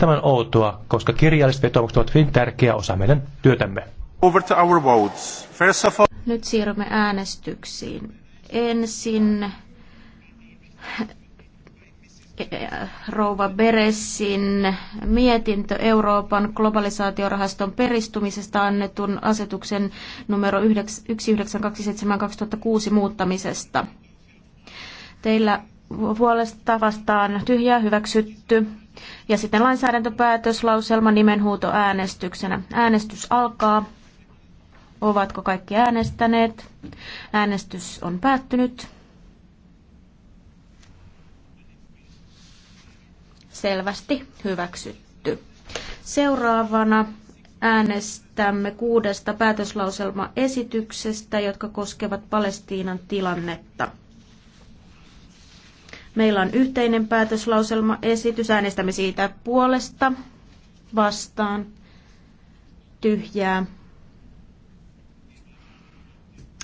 tämän outoa, koska kirjalliset vetoomukset ovat hyvin tärkeä osa meidän työtämme. Over to our votes. First of all... Nyt siirrymme äänestyksiin. Ensin eh, rouva Beresin mietintö Euroopan globalisaatiorahaston peristumisesta annetun asetuksen numero 1927-2006 muuttamisesta. Teillä puolesta vastaan tyhjää hyväksytty. Ja sitten lainsäädäntöpäätöslauselma nimenhuuto äänestyksenä. Äänestys alkaa. Ovatko kaikki äänestäneet? Äänestys on päättynyt. Selvästi hyväksytty. Seuraavana äänestämme kuudesta päätöslauselmaesityksestä, jotka koskevat Palestiinan tilannetta. Meillä on yhteinen esitys. Äänestämme siitä puolesta, vastaan, tyhjää.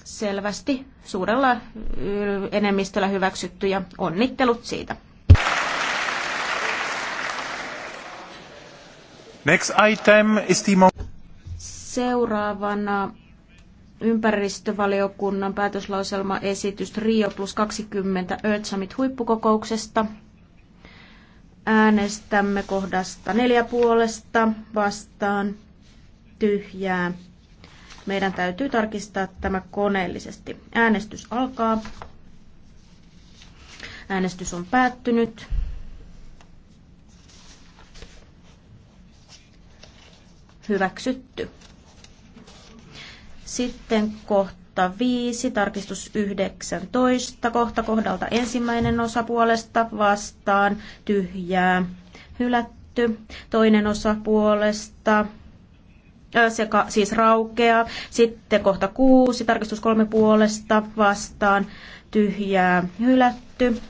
Selvästi suurella enemmistöllä hyväksytty ja onnittelut siitä. Next item is the... Seuraavana ympäristövaliokunnan päätöslauselmaesitys Rio plus 20 Earth Summit huippukokouksesta. Äänestämme kohdasta neljä puolesta vastaan tyhjää. Meidän täytyy tarkistaa tämä koneellisesti. Äänestys alkaa. Äänestys on päättynyt. Hyväksytty. Sitten kohta 5, tarkistus 19, kohta kohdalta ensimmäinen osa puolesta vastaan tyhjää hylätty, toinen osa puolesta äh, seka, siis raukea. Sitten kohta kuusi, tarkistus kolme puolesta vastaan, tyhjää hylätty.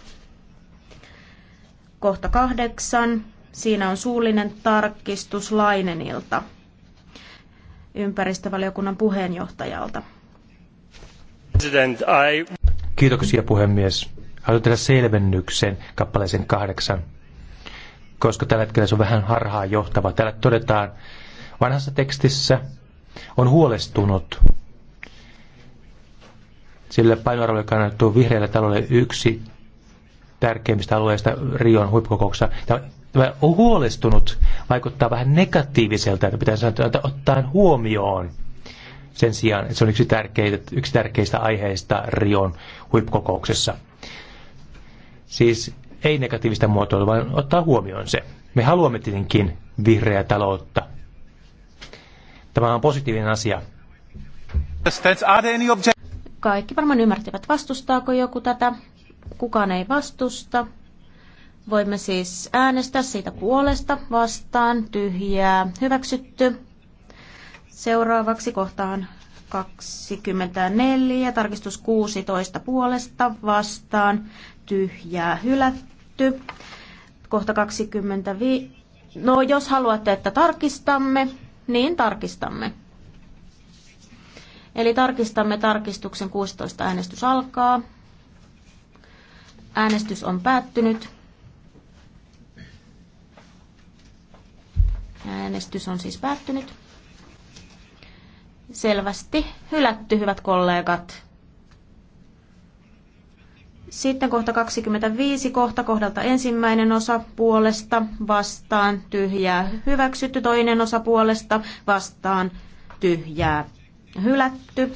Kohta kahdeksan, siinä on suullinen tarkistus Lainenilta ympäristövaliokunnan puheenjohtajalta. Kiitoksia puhemies. Haluan tehdä selvennyksen kappaleeseen kahdeksan, koska tällä hetkellä se on vähän harhaa johtava. Täällä todetaan, vanhassa tekstissä on huolestunut sillä painoarvolle kannattuu vihreällä talolle yksi tärkeimmistä alueista Rion huippukokouksessa tämä on huolestunut vaikuttaa vähän negatiiviselta, että pitää sanoa, että ottaa huomioon sen sijaan, että se on yksi, tärkeitä, yksi tärkeistä aiheista Rion huippukokouksessa. Siis ei negatiivista muotoilua, vaan ottaa huomioon se. Me haluamme tietenkin vihreää taloutta. Tämä on positiivinen asia. Kaikki varmaan ymmärtävät, vastustaako joku tätä. Kukaan ei vastusta. Voimme siis äänestää siitä puolesta vastaan tyhjää hyväksytty. Seuraavaksi kohtaan 24, tarkistus 16 puolesta vastaan tyhjää hylätty. Kohta 25. No jos haluatte, että tarkistamme, niin tarkistamme. Eli tarkistamme tarkistuksen 16 äänestys alkaa. Äänestys on päättynyt. Äänestys on siis päättynyt. Selvästi hylätty, hyvät kollegat. Sitten kohta 25, kohta kohdalta ensimmäinen osa puolesta vastaan tyhjää hyväksytty, toinen osa puolesta vastaan tyhjää hylätty,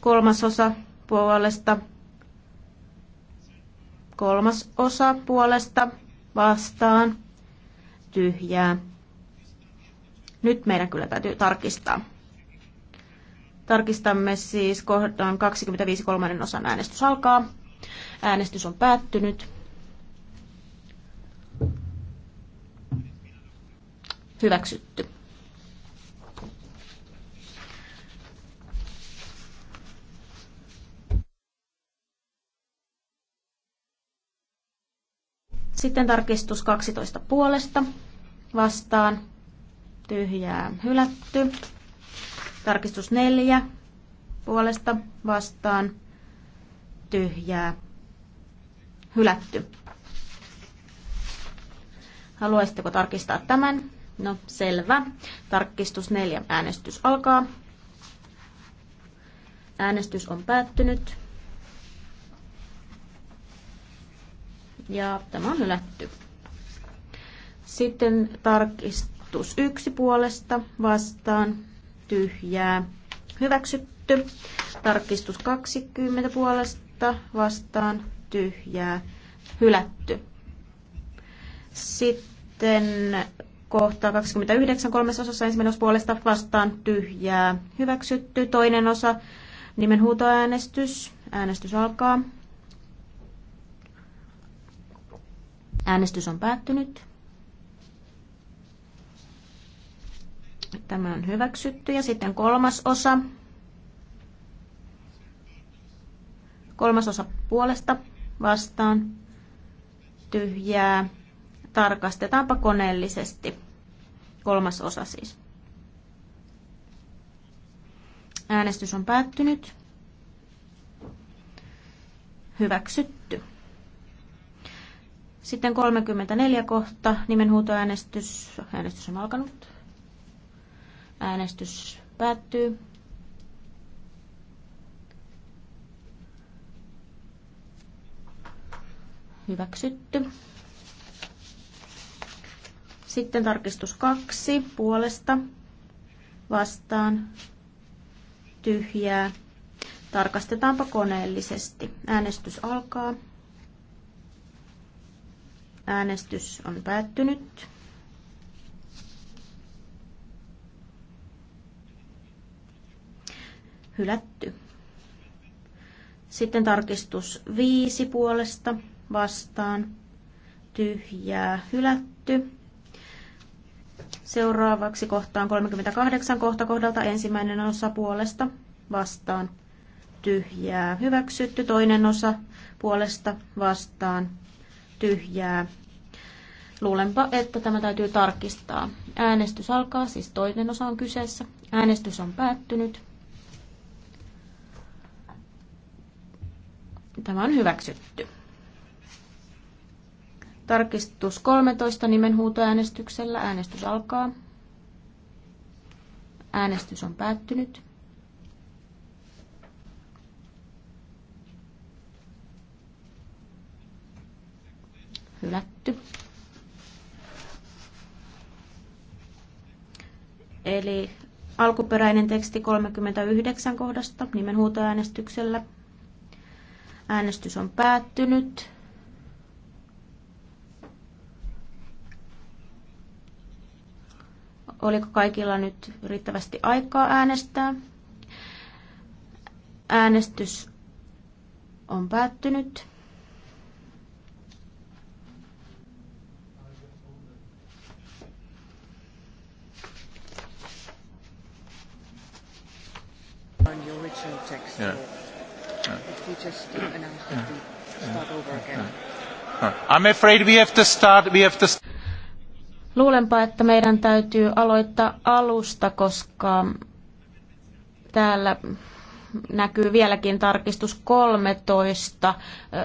kolmas osa puolesta, kolmas osa puolesta vastaan tyhjää nyt meidän kyllä täytyy tarkistaa. Tarkistamme siis kohdan 25 kolmannen osan äänestys alkaa. Äänestys on päättynyt. Hyväksytty. Sitten tarkistus 12 puolesta vastaan tyhjää hylätty. Tarkistus neljä puolesta vastaan tyhjää hylätty. Haluaisitteko tarkistaa tämän? No selvä. Tarkistus neljä. Äänestys alkaa. Äänestys on päättynyt. Ja tämä on hylätty. Sitten tarkistus Plus yksi puolesta vastaan tyhjää hyväksytty. Tarkistus 20 puolesta vastaan tyhjää hylätty. Sitten kohta 29 kolmessa osassa ensimmäinen osa puolesta vastaan tyhjää hyväksytty. Toinen osa nimenhuutoäänestys. Äänestys alkaa. Äänestys on päättynyt. Tämä on hyväksytty. Ja sitten kolmas osa. Kolmas osa puolesta vastaan. Tyhjää. Tarkastetaanpa koneellisesti. Kolmas osa siis. Äänestys on päättynyt. Hyväksytty. Sitten 34 kohta, nimenhuutoäänestys. Äänestys on alkanut. Äänestys päättyy. Hyväksytty. Sitten tarkistus kaksi puolesta vastaan tyhjää. Tarkastetaanpa koneellisesti. Äänestys alkaa. Äänestys on päättynyt. hylätty. Sitten tarkistus viisi puolesta vastaan tyhjää hylätty. Seuraavaksi kohtaan 38 kohta kohdalta ensimmäinen osa puolesta vastaan tyhjää hyväksytty, toinen osa puolesta vastaan tyhjää. Luulenpa, että tämä täytyy tarkistaa. Äänestys alkaa, siis toinen osa on kyseessä. Äänestys on päättynyt. Tämä on hyväksytty. Tarkistus 13 nimenhuutoäänestyksellä. Äänestys alkaa. Äänestys on päättynyt. Hylätty. Eli alkuperäinen teksti 39 kohdasta nimenhuutoäänestyksellä. Äänestys on päättynyt. Oliko kaikilla nyt riittävästi aikaa äänestää? Äänestys on päättynyt. Yeah you just that we start over again? I'm afraid we have to start, we have to Luulenpa, että meidän täytyy aloittaa alusta, koska täällä näkyy vieläkin tarkistus 13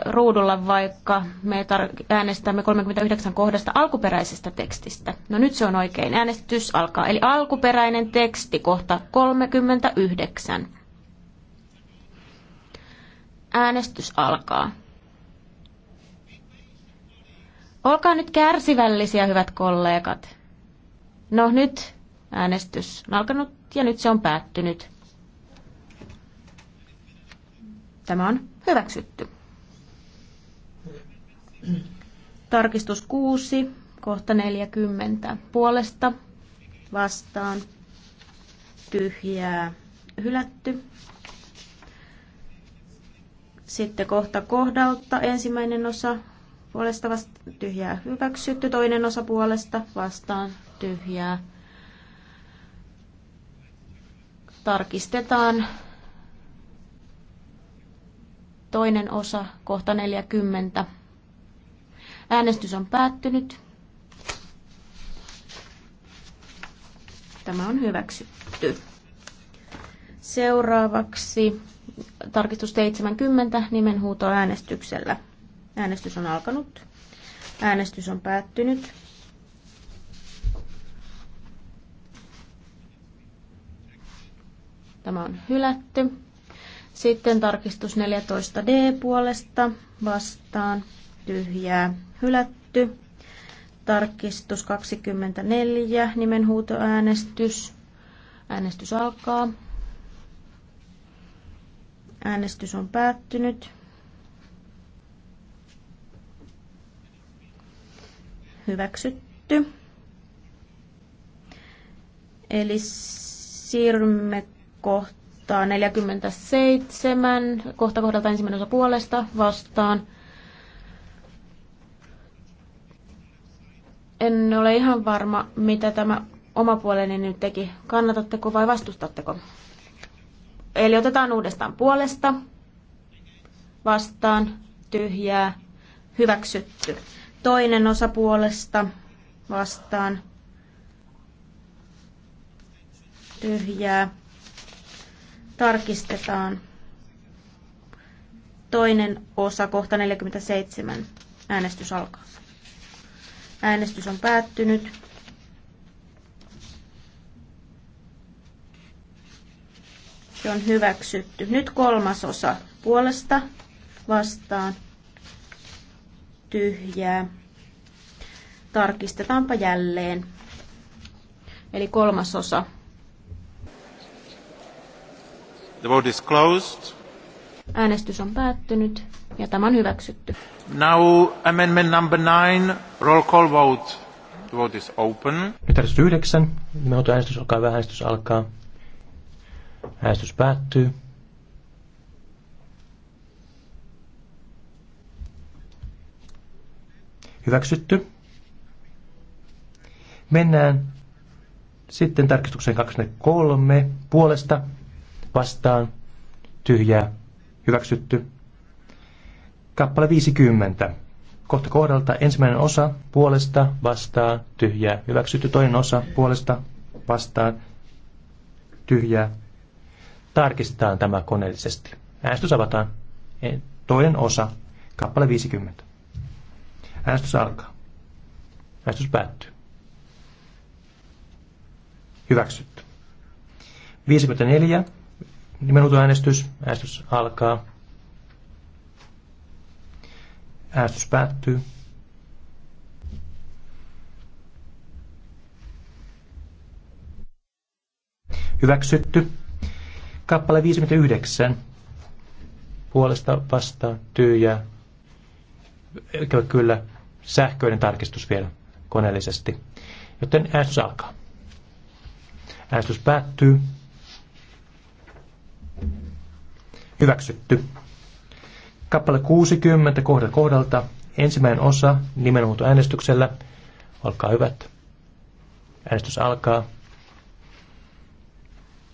ruudulla, vaikka me äänestämme 39 kohdasta alkuperäisestä tekstistä. No nyt se on oikein. Äänestys alkaa. Eli alkuperäinen teksti kohta 39. Äänestys alkaa. Olkaa nyt kärsivällisiä, hyvät kollegat. No nyt äänestys on alkanut ja nyt se on päättynyt. Tämä on hyväksytty. Tarkistus 6, kohta 40. Puolesta, vastaan, tyhjää, hylätty. Sitten kohta kohdalta ensimmäinen osa puolesta vasta tyhjää hyväksytty, toinen osa puolesta vastaan tyhjää. Tarkistetaan toinen osa kohta 40. Äänestys on päättynyt. Tämä on hyväksytty. Seuraavaksi tarkistus 70 nimenhuuto äänestyksellä. Äänestys on alkanut. Äänestys on päättynyt. Tämä on hylätty. Sitten tarkistus 14d puolesta vastaan tyhjää hylätty. Tarkistus 24 nimenhuutoäänestys. Äänestys alkaa. Äänestys on päättynyt. Hyväksytty. Eli siirrymme kohtaan 47, kohta kohdalta ensimmäinen osa puolesta vastaan. En ole ihan varma, mitä tämä puoleni nyt teki. Kannatatteko vai vastustatteko? Eli otetaan uudestaan puolesta, vastaan, tyhjää, hyväksytty. Toinen osa puolesta, vastaan, tyhjää, tarkistetaan. Toinen osa, kohta 47. Äänestys alkaa. Äänestys on päättynyt. Se on hyväksytty. Nyt kolmasosa puolesta vastaan tyhjää. Tarkistetaanpa jälleen. Eli kolmasosa. The vote is closed. Äänestys on päättynyt ja tämä on hyväksytty. Now amendment number nine, roll call vote. The vote is open. Nyt äänestys yhdeksän. äänestys alkaa, äänestys alkaa. Äänestys päättyy. Hyväksytty. Mennään sitten tarkistukseen 23 puolesta vastaan tyhjää hyväksytty. Kappale 50. Kohta kohdalta ensimmäinen osa puolesta vastaan tyhjää hyväksytty. Toinen osa puolesta vastaan tyhjää Tarkistetaan tämä koneellisesti. Äänestys avataan. E, toinen osa, kappale 50. Äänestys alkaa. Äänestys päättyy. Hyväksytty. 54. äänestys. Äänestys alkaa. Äänestys päättyy. Hyväksytty. Kappale 59 puolesta vastaan tyyjä. Ikävä kyllä sähköinen tarkistus vielä koneellisesti. Joten äänestys alkaa. Äänestys päättyy. Hyväksytty. Kappale 60 kohdalta kohdalta. Ensimmäinen osa nimenomaan äänestyksellä. Olkaa hyvät. Äänestys alkaa.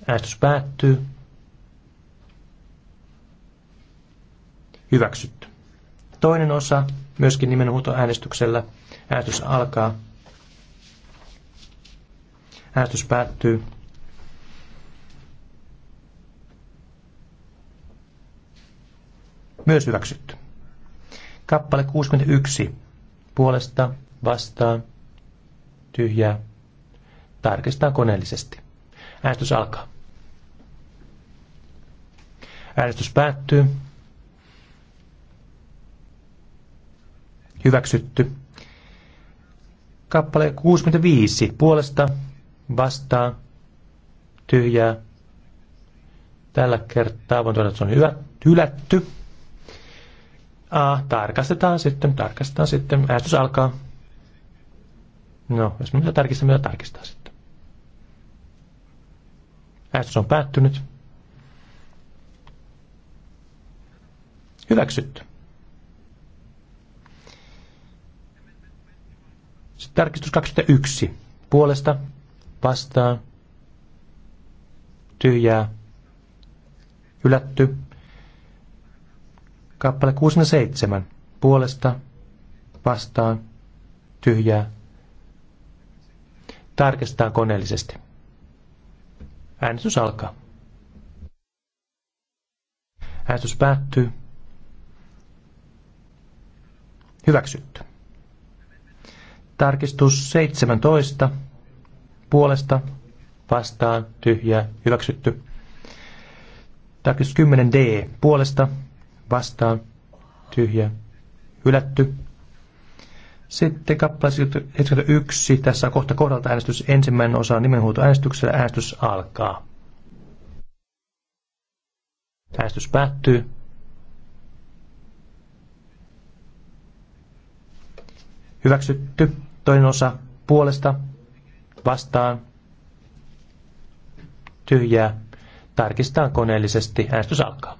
Äänestys päättyy. hyväksytty. Toinen osa, myöskin äänestyksellä, äänestys alkaa. Äänestys päättyy. Myös hyväksytty. Kappale 61. Puolesta, vastaan, tyhjää. Tarkistaa koneellisesti. Äänestys alkaa. Äänestys päättyy. Hyväksytty. Kappale 65. Puolesta vastaan tyhjää. Tällä kertaa voin todeta, että se on hyvä, hylätty. A, tarkastetaan sitten, tarkastetaan sitten. Äänestys alkaa. No, jos mitä tarkistamme, mitä tarkistaa sitten. Äänestys on päättynyt. Hyväksytty. Sitten tarkistus 21. Puolesta, vastaan, tyhjää, hylätty. Kappale 67. Puolesta, vastaan, tyhjää. Tarkistetaan koneellisesti. Äänestys alkaa. Äänestys päättyy. Hyväksytty. Tarkistus 17 puolesta vastaan tyhjä hyväksytty. Tarkistus 10 D puolesta vastaan tyhjä hylätty. Sitten kappale 71. Tässä on kohta kohdalta äänestys. Ensimmäinen osa nimenhuuto äänestyksellä. Äänestys alkaa. Äänestys päättyy. Hyväksytty. Toinen osa puolesta vastaan tyhjää. Tarkistaa koneellisesti. Äänestys alkaa.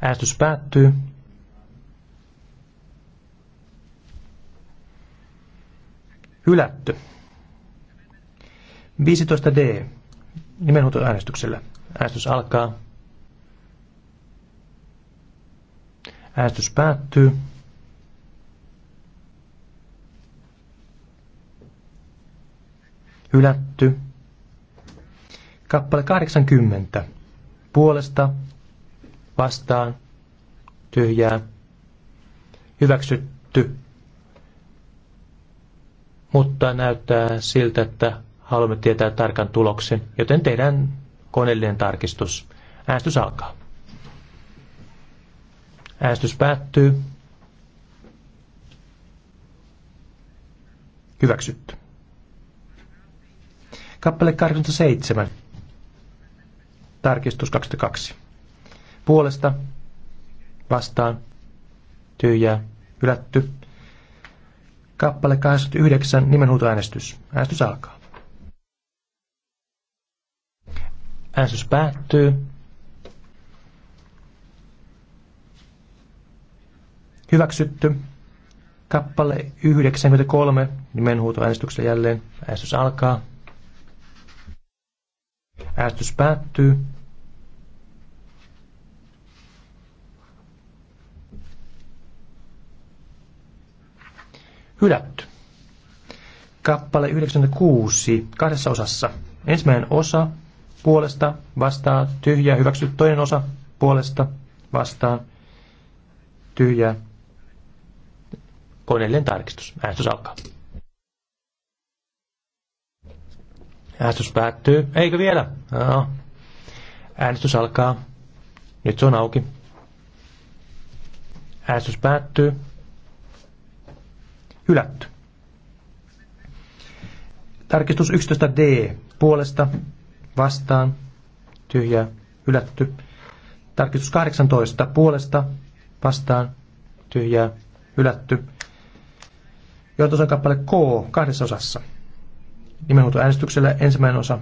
Äänestys päättyy. Hylätty. 15D. Nimenhuutoäänestyksellä. Äänestys alkaa. Äänestys päättyy. Hylätty. Kappale 80. Puolesta, vastaan, tyhjää, hyväksytty. Mutta näyttää siltä, että haluamme tietää tarkan tuloksen, joten tehdään koneellinen tarkistus. Äänestys alkaa. Äänestys päättyy. Hyväksytty. Kappale 87. Tarkistus 22. Puolesta. Vastaan. Tyhjää. ylätty. Kappale 89. Nimenhuutoäänestys. Äänestys alkaa. Äänestys päättyy. Hyväksytty. Kappale 93, nimenhuutoäänestyksellä jälleen. Äänestys alkaa. Äänestys päättyy. Hylätty. Kappale 96, kahdessa osassa. Ensimmäinen osa puolesta vastaa tyhjää, hyväksytty toinen osa puolesta vastaa tyhjää, Koneellinen tarkistus. Äänestys alkaa. Äänestys päättyy. Eikö vielä? No. Äänestys alkaa. Nyt se on auki. Äänestys päättyy. Hylätty. Tarkistus 11d. Puolesta, vastaan, tyhjä, hylätty. Tarkistus 18. Puolesta, vastaan, tyhjä hylätty. Johtosan kappale K kahdessa osassa. äänestyksellä ensimmäinen osa.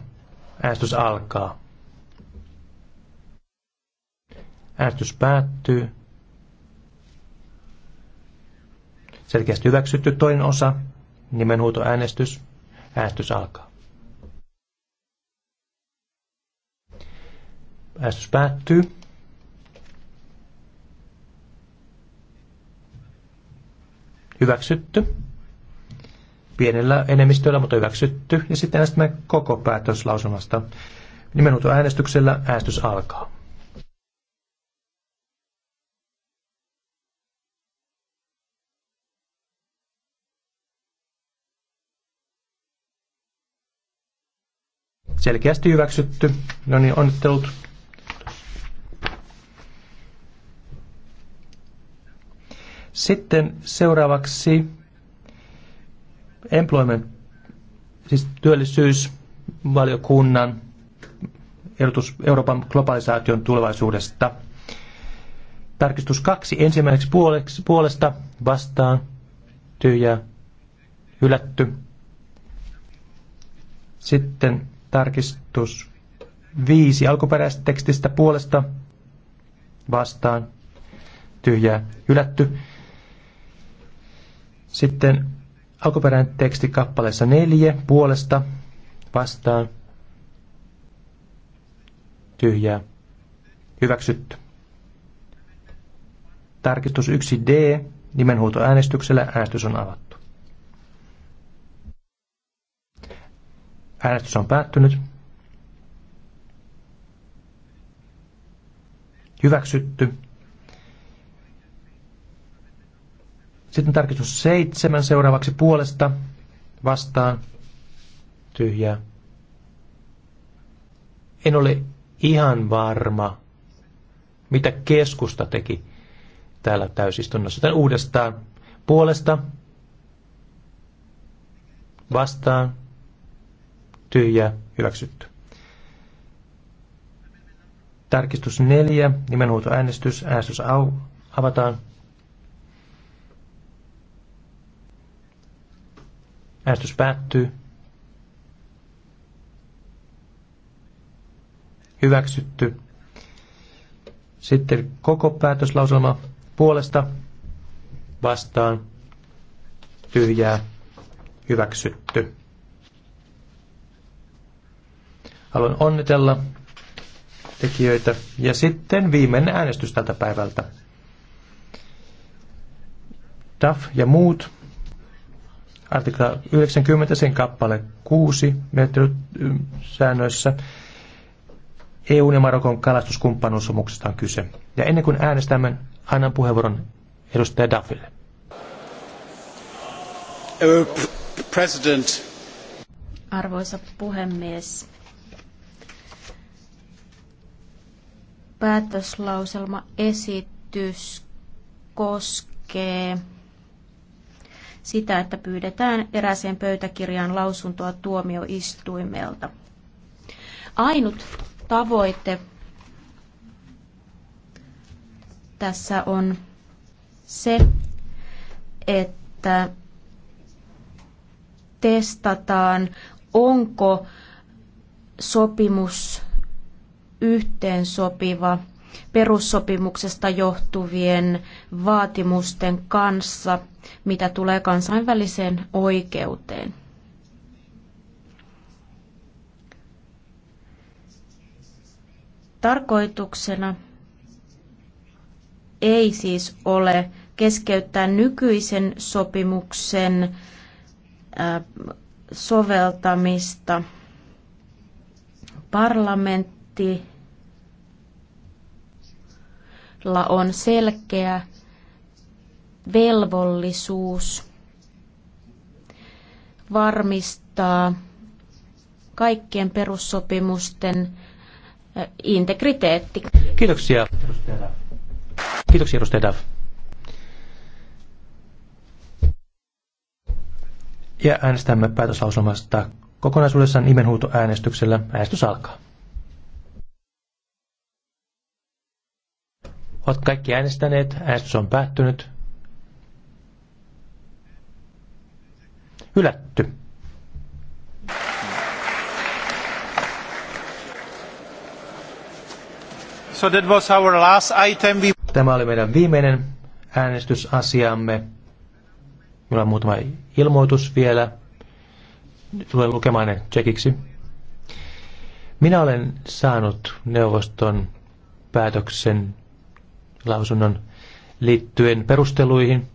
Äänestys alkaa. Äänestys päättyy. Selkeästi hyväksytty toinen osa. äänestys. Äänestys alkaa. Äänestys päättyy. Hyväksytty pienellä enemmistöllä, mutta hyväksytty. Ja sitten äänestämme koko päätöslausumasta. Nimenomaan äänestyksellä äänestys alkaa. Selkeästi hyväksytty. No niin, onnittelut. Sitten seuraavaksi employment, siis työllisyysvaliokunnan ehdotus Euroopan globalisaation tulevaisuudesta. Tarkistus kaksi ensimmäiseksi puoleksi, puolesta vastaan tyhjää hylätty. Sitten tarkistus viisi alkuperäisestä tekstistä puolesta vastaan tyhjää hylätty. Sitten alkuperäinen teksti kappaleessa neljä puolesta vastaan tyhjää hyväksytty. Tarkistus 1D nimenhuutoäänestyksellä äänestys on avattu. Äänestys on päättynyt. Hyväksytty. Sitten tarkistus seitsemän seuraavaksi puolesta vastaan tyhjää. En ole ihan varma, mitä keskusta teki täällä täysistunnossa. Tän uudestaan puolesta vastaan tyhjää hyväksytty. Tarkistus neljä, nimenhuutoäänestys, äänestys avataan. Äänestys päättyy. Hyväksytty. Sitten koko päätöslauselma puolesta vastaan tyhjää hyväksytty. Haluan onnitella tekijöitä. Ja sitten viimeinen äänestys tältä päivältä. DAF ja muut artikla 90 sen kappale 6 menettelysäännöissä mm, EUn ja Marokon kalastuskumppanuussomuksesta on kyse. Ja ennen kuin äänestämme, annan puheenvuoron edustaja Duffille. President. Arvoisa puhemies, päätöslauselma esitys koskee sitä, että pyydetään eräseen pöytäkirjaan lausuntoa tuomioistuimelta. Ainut tavoite tässä on se, että testataan, onko sopimus yhteensopiva perussopimuksesta johtuvien vaatimusten kanssa, mitä tulee kansainväliseen oikeuteen. Tarkoituksena ei siis ole keskeyttää nykyisen sopimuksen soveltamista. Parlamentti on selkeä velvollisuus varmistaa kaikkien perussopimusten integriteetti. Kiitoksia. Kiitoksia, edustaja Dav. Ja äänestämme päätöslauselmasta kokonaisuudessaan nimenhuutoäänestyksellä. Äänestys alkaa. Ovat kaikki äänestäneet. Äänestys on päättynyt. Hylätty. So that was our last item. We... Tämä oli meidän viimeinen äänestysasiamme. Meillä on muutama ilmoitus vielä. Tulen lukemaan ne tsekiksi. Minä olen saanut neuvoston päätöksen lausunnon liittyen perusteluihin.